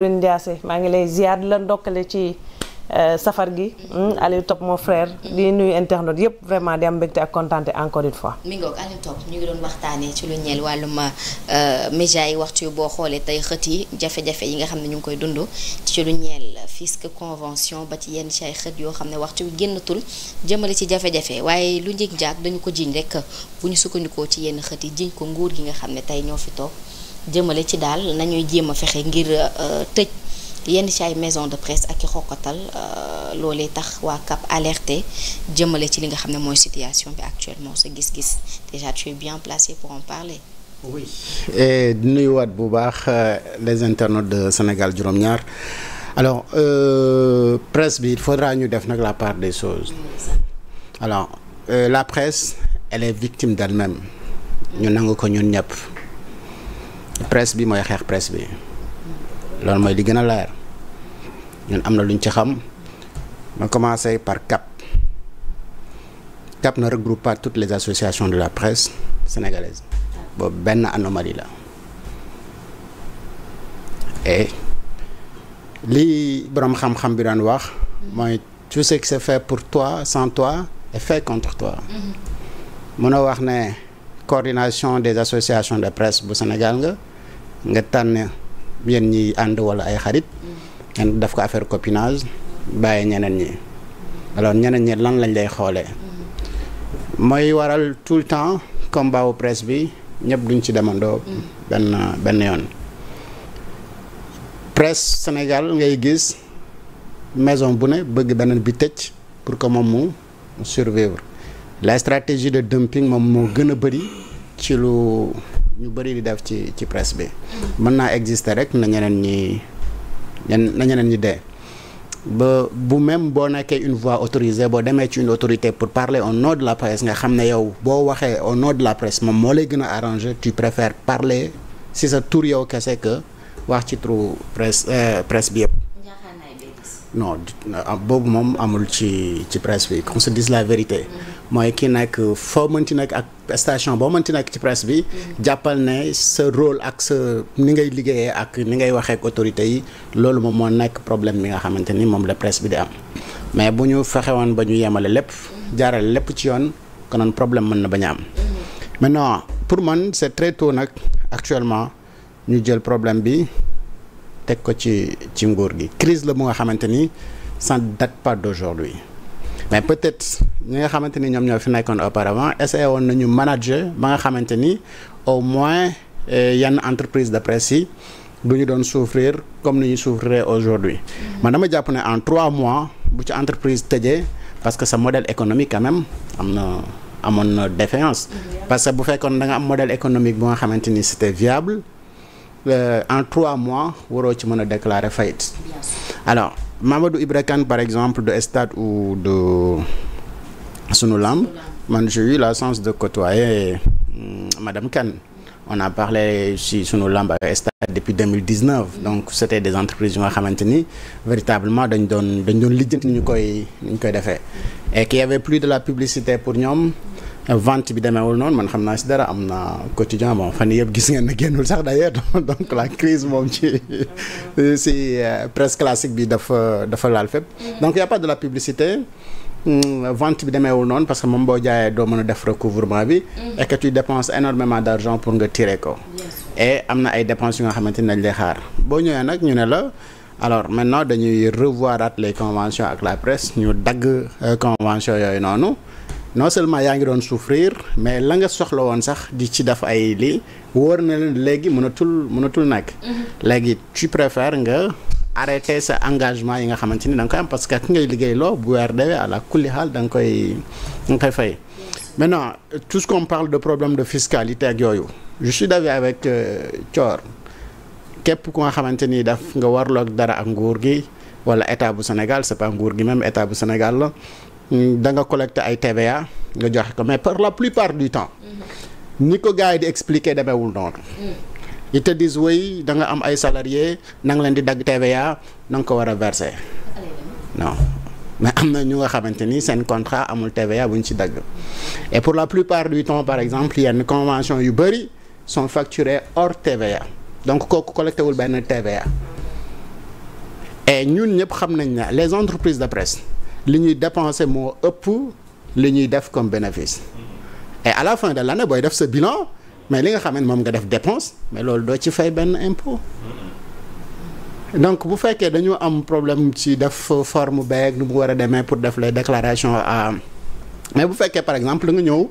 Lune Diassé maa ngi lay ziar la ndokkale ci euh, safar gi hmm, Aliou Top mon frère di nuy internautes yëpp vraiment di am mbégte ak kontaante encore une fois. mi ngoog Aliou Top ñu ngi doon waxtaanee ci lu ñeel wàllum euh, média yi waxtu yu boo xoolee tey xët yi jafe-jafe yi nga xam ne ñu ngi koy dund ci lu ñeel fisc convention ba ci yenn ci xët yoo xam ne waxtu yu génnatul jëmale ci jafe-jafe waaye lu njëg njaag dañu ko jiiñ rek bu ñu sukkandikoo ci yenn xët yi jiiñ ko nguur gi nga xam ne tey ñoo fi toog. jëmale ci daal nañuy jéem a fexe ngir euh, tëj yenn ci maison de presse ak i xokkatal euh, loolee tax waa CAP alerte jëmale ci li nga xam ne mooy situation bi actuellement sa gis-gis déjà tu es bien placé pour en parler. oui et nuyuwaat bu baax euh, les internautes de Sénégal juróom-ñaar alors euh, bi il faudra ñu def nag la part des choses alors la presse elle est victime d'elle-même ñu nangu ko ñun ñëpp. presse bi mooy xeex presse bi loolu mooy li gën a leer ñun am na luñ ci xam ma commencé par CAP CAP na regroupe pas toutes les associations de la presse sénégalaise boobu benn anomalie la et li boroom xam-xam bi doon wax mooy tout ce qui se fait pour toi sans toi est fait contre toi mm-hmm. mun a wax ne coordination des associations de presse bu Sénégal nga nga tànn yéen ñiy ànd wala ay xarit mm. ngeen def ko affaire copinage bàyyi ñeneen ñi alors ñeneen ñi lan lañ lay xoolee mm. mooy waral tout le temps comme wu presse bi ñëpp duñ ci demandoo mm. benn benn yoon presse Sénégal ngay gis maison bu ne bëgg beneen bi tëj pour que moom mu survivre la stratégie de dumping moom moo gën a bëri ci lu ñu bëri di def ci ci presse bi mën naa exister rek na ñeneen ñi na ñeneen ñi dee ba bu même boo nekkee une voix autorisée boo demee ci une autorité pour parler au nom de la presse nga xam ne yow boo waxee au nom de la presse moom moo lay gën a arranger tu préfères parler si sa tur yow kese que wax ci turu presse euh, presse bi yëpp non ah, boobu moom amul ci ci bi qu'on se dise la vérité mm-hmm. mooy ki nekk foo mënti nekk ak station boo mënti nekk ci presse bi mm-hmm. jàppal ne sa rôle ak sa ni ngay liggéeye ak ni ngay waxee ak autorité yi loolu moom moo nakk problème bi nga xamante ni moom la presse bi di am mais bu ñu fexe woon ba ñu yemale lépp mm-hmm. jaarale lépp ci yoon konoon problème mën na bañ a am maintenant pour man c'est très nag actuellement ñu jël problème bi teg ko ci ci nguur gi crise la bu nga xamante ni ça date pas d'aujourd'hui mais peut-être ñi nga xamante ni ñoom ñoo fi nekkoon auparavant essayé woon nañu manager ba nga xamante ni au moins eh, yenn entreprise de presse yi du ñu doon souffrir comme ni ñu souffrir aujourd'hui mm-hmm. man dama jàpp ne en trois mois bu ci entreprise tëjee parce que sa modèle économique quand am na amoon na défiance mm-hmm. parce que bu fekkoon da nga am modèle économique bu nga xamante ni c'était viable Euh, en trois mois waroo ci mën a déclarer faillite alors Mamadou Ibra Kane par exemple de Stades ou de Sunu Lamb man j'ai la chance de côtoyer mm, Madame Kane on a parlé si Sunu Lamb ak Stades depuis 2019 donc c'était des entreprises yu nga xamante ni véritablement dañ doon dañ doon lijjanti ñu koy ni ñu koy defee et qu'il y plus de la publicité pour ñoom vente bi demeewul noonu man xam naa si dara am na quotidien bon fan yëpp gis ngeen na génnul sax d'ailleurs donc la crise moom ci si euh, presse classique bi dafa dafa laal fépp mm-hmm. donc y a pas de la publicité hmm, vente bi demeewul noonu parce que moom boo jaayee doo mën a def recouvrement bi mm-hmm. et que tu dépenses énormément d'argent pour nga tiire ko et am na ay dépenses yu nga xamante ne dañ lay xaar boo ñëwee nag ñu ne la alors maintenant dañuy revoirat les conventions ak la presse ñu dagg euh, convention yooyu noonu non seulement yaa ngi doon souffrir mais la nga soxla woon sax di ci def ay lii wóor na leen léegi mënatul mënatul nekk. Mhm. léegi su préfères nga. arrêté sa engagement yi nga xamante ni da koy am parce que ki ngay liggéey loo bu weer dewee la kulli xaal da koy da nga koy fay maintenant tout ce parle de problème de fiscalité ak yooyu je suis d'avis avec euh, Thior képp ku nga xamante ni def nga warloog dara ak nguur gi wala état bu Sénégal c'est pas nguur gi même état bu Sénégal da nga collecté ay TVA nga joxe ko mais par la plupart du temps ni ko gars yi di expliquer demeewul noonu mm. ils te disent oui da nga am ay salariés na nga leen di dagg TVA na ko war a verser mm. non mais am na ñu nga xamante ni seen contrat amul TVA bu ñu ci dagg et pour la plupart du temps par exemple yenn convention yu bëri sont facturées hors TVA donc kooku collecté wul benn TVA et ñun ñëpp xam nañ ne les entreprises de presse li ñuy dépenser moo ëpp li ñuy def comme bénéfice et à la fin de l'année booy def sa bilan mais li nga xam ne moom nga def dépense mais loolu doo ci fay benn impôt donc bu fekkee dañu am problème ci def forme beeg nu mu war a demee pour def les déclaration à mais bu fekkee par exemple nga ñëw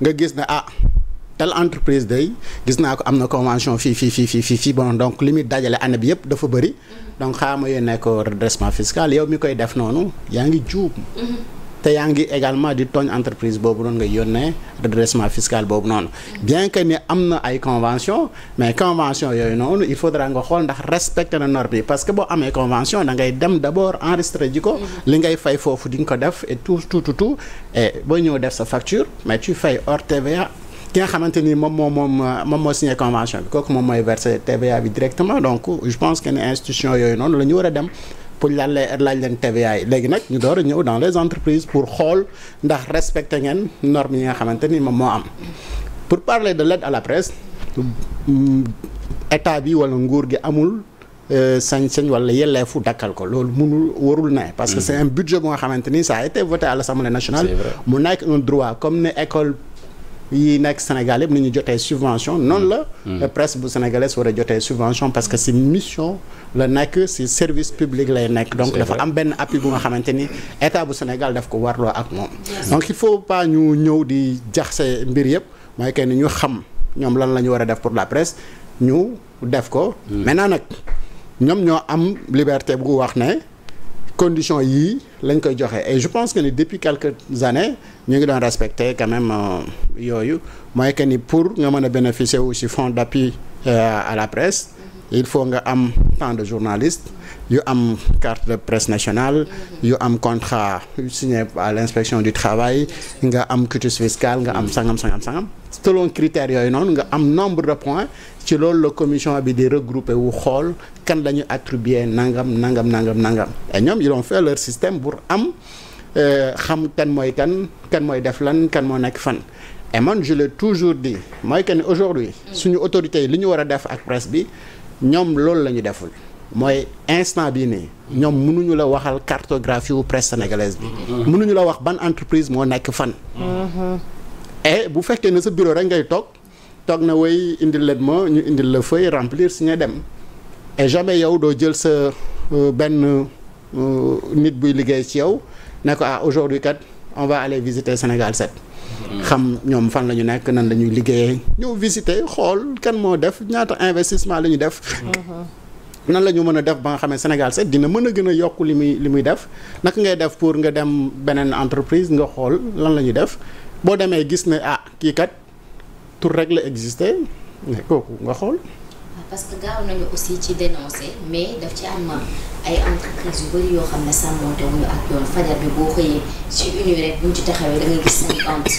nga gis ne ah telle entreprise day gis naa ko am na convention fii fii fii fii fii fii bon donc li muy dajale année bi yëpp dafa bëri donc xaama yónnee ko redressement fiscal yow mi koy def noonu yaa ngi juub te yaa ngi également di tooñ entreprise boobu noonu nga yónnee redressement fiscal boobu noonu bien que ni am na ay convention mais convention yooyu noonu il faudra nga xool ndax respecté na norme yi parce que boo amee convention da ngay dem d' abord enregistré ji ko li ko def et tout tout tout tout sa ki nga xamante ni moom moo moom euh, moom moo signé convention bi kooku moom mooy verser TVA bi directement donc je pense que ne institution yooyu noonu la ñu war a dem pour laaj laaj leen TVA yi léegi nag ñu door a ñëw dans les entreprises pour xool ndax respecté ngeen normes yi nga xamante ni moom moo am pour parler de l'aide à la presse mm, état bi wala nguur gi amul euh, sañ-sañ wala yelleefu dakkal ko loolu mënul warul ne parce que mm. c'est un budget bu nga xamante ni ça a été voté à l'Assemblée nationale mu nekk un droit comme ne école yi nekk Sénégal yëpp ni ñu jotee subvention noonu la hmm. euh, presse bu sénégalaise war a jotee subvention parce que si mission la nekk si service public lay nekk donc dafa am benn appi bu nga xamante ni état bu Sénégal daf ko warloo ak moom donc il faut pas ñu ñëw di jax se mbir yëpp mooy que ni ñu xam ñoom lan la ñu war a def pour la presse ñu def ko hmm. maintenant nag ñoom ñoo am liberté bu wax ne conditions yi lañ koy joxe et je pense que ni depuis quelques années ñu ngi doon respecter quand même euh, yooyu mooy que ni pour nga mën a bénéficier aussi fonds d'appui euh, à la presse il faut nga am tant de journalistes yu am carte de presse nationale yu am contrat signé à l'inspection du travail nga am quitus fiscal nga am sangam sangam sangam selon critères yooyu noonu nga am nombre de points ci loolu la commission bi di regrouper wu xool kan la ñu nangam nangam nangam nangam et ñoom ils ont fait leur système pour am euh, xam kan mooy kan kan mooy def lan kan moo nekk fan et man je l'ai toujours dit mooy que ne aujourd'hui suñu autorités yi li ñu war a def ak presse bi ñoom loolu la ñu deful mooy instant bii nii ñoom mënuñu la waxal cartographie wu presse sénégalaise bi mm-hmm. mënuñu la wax ban entreprise moo nekk fan mm-hmm. et bu fekkee ne sa bureau rek ngay toog toog na way indil leen ma ñu indil la feuille remplir si ñu dem et jamais yow doo jël sa euh, benn euh, nit buy liggéey ci yow ne ko ah aujourd'hui kat on va aller Sénégal 7 xam ñoom fan la ñu nekk nan lañuy ñuy liggéeyee ñëw visiter xool kan moo def ñaata investissement la ñu def nan la ñu mën a def ba nga xamee Sénégal set dina mën a gën a yokk li muy li muy def naka ngay def pour nga dem beneen entreprise nga xool lan la ñuy def boo demee gis ne ah kii kat tur rek la exister kooku nga xool Ah, parce que gaaw nañu aussi ci dénoncer mais daf ci am ay entreprises yu bëri yoo xam ne sàmmonte wuñu ak yoon fajar bi boo xëyee ci une rek buñ ci taxawee da ngay gis cinquante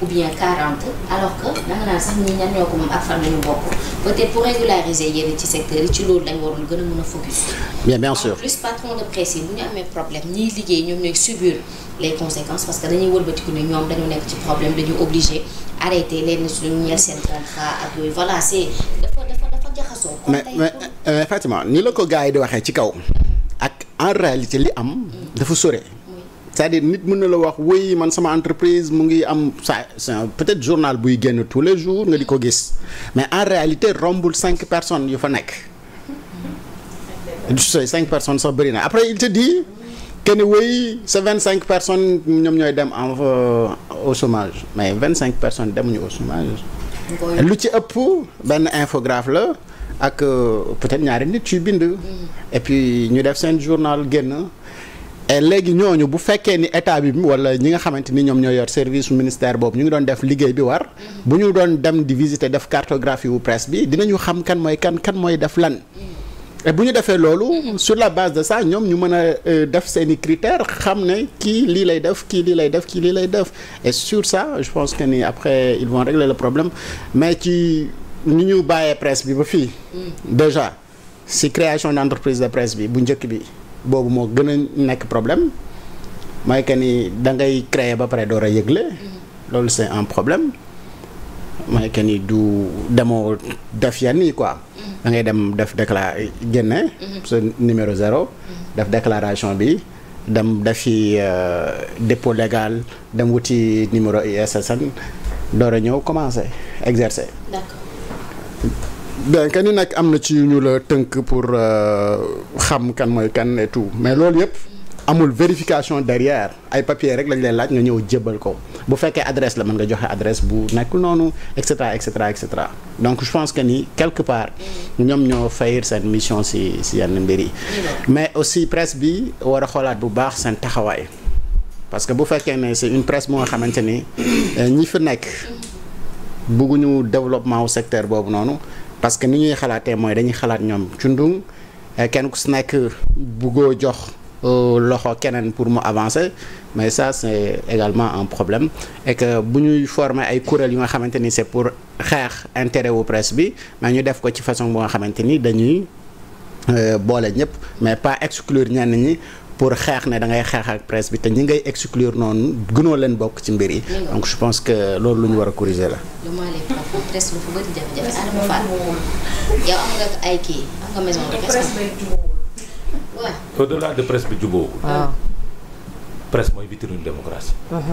ou bien quarante ñoo ko moom ak fan lañu bokk peut-être pour ci secteur yi ci loolu dañ waroon gën a mën a focus. bien bu ñu amee problème ñiy liggéey ñoom ñooy subir les conséquences parce que dañuy wëlbatiku ne ñoom dañu nekk ci problème dañu obligé arrêter leen suñu ñeel seen contrat ak yooyu voilà c'est mais mais euh, euh, Fatima ni la ko gars yi di waxee ci kaw. ak en réalité li am. dafa sore. c'est-à-dire nit mën na la wax oui man sama entreprise mu ngi am sa peut-être journal buy génn tous les jours nga di ko gis mais en réalité rombul cinq personnes yu fa nekk. cinq personnes sax bëri na après il te dit. que ni oui vingt cinq personnes ñoom ñooy dem en euh, au chômage mais vingt cinq personnes demuñu au chômage. lu ci ëpp benn infographe la ak euh, peut-être ñaari nit yu bind. Mm. et ñu def seen journal génn. et léegi ñooñu bu fekkee ni état bi wala ñi nga xamante ni ñoom ñooy yor service ministère boobu ñu ngi doon def liggéey bi war. Mm. bu ñu doon dem di visiter def cartographie wu presse bi dinañu xam kan mooy kan kan mooy def lan. Mm. bu ñu defee loolu sur la base de ça ñoom ñu mën a euh, def seeni critères xam ne kii lii lay def kii lii lay def kii lii lay def et sur ça je pense que nii après ils vont régler le problème mais ci ni ñu bàyyee presse bi ba fii mm. déjà si création d'entreprise de presse bi bu njëkk bi boobu moo gën a nekk problème mooy que ni da ngay créer ba pare door a yëgle mm-hmm. loolu c'est un problème mooy que nii du demoo def yenn yi quoi da ngay dem def décla génne. Mhm. sa numéro zéro. Mhm. def déclaration bi dem defi euh, dépôt légal dem wuti numéro ISSN door ñëw commencé exercer. d'accord. ni nag am na ci ñu la tënk pour euh, xam kan mooy kan et mais loolu yëpp. Mhm. amul vérification derrière ay papier rek lañ leen laaj nga ñëw jébbal ko bu fekkee adresse la mën nga joxe adresse bu nekkul noonu et cetera et cetera et cetera donc je pense que ni quelque part ñoom ñoo fayir seen mission si si yenn mbir yi mais aussi presse bi war a xoolaat bu baax seen taxawaay parce que bu fekkee ne c'est une press bu nga xamante ni euh, ñi fi nekk bëgguñu développement wu secteur boobu noonu parce que ni ñuy xalaatee mooy dañuy xalaat ñoom cundung euh, kenn ku si nekk bëggoo jox loxo keneen pour mu avancer mais ça c'est également un problème et que bu ñuy former ay kuréel yu nga xamante ni c'est pour xeex intérêt wu presse bi mais ñu def ko ci façon bu nga xamante ni dañuy euh, boole ñëpp mais pas exclure ñenn ñi pour xeex ne da ngay xeex ak presse bi te ñi ngay exclure noonu gënoo leen bokk ci mbir yi. donc je pense que loolu lu ñu war a corriger la. au la de presse bi juboo presse mooy vitrine démocratie. Uh-huh.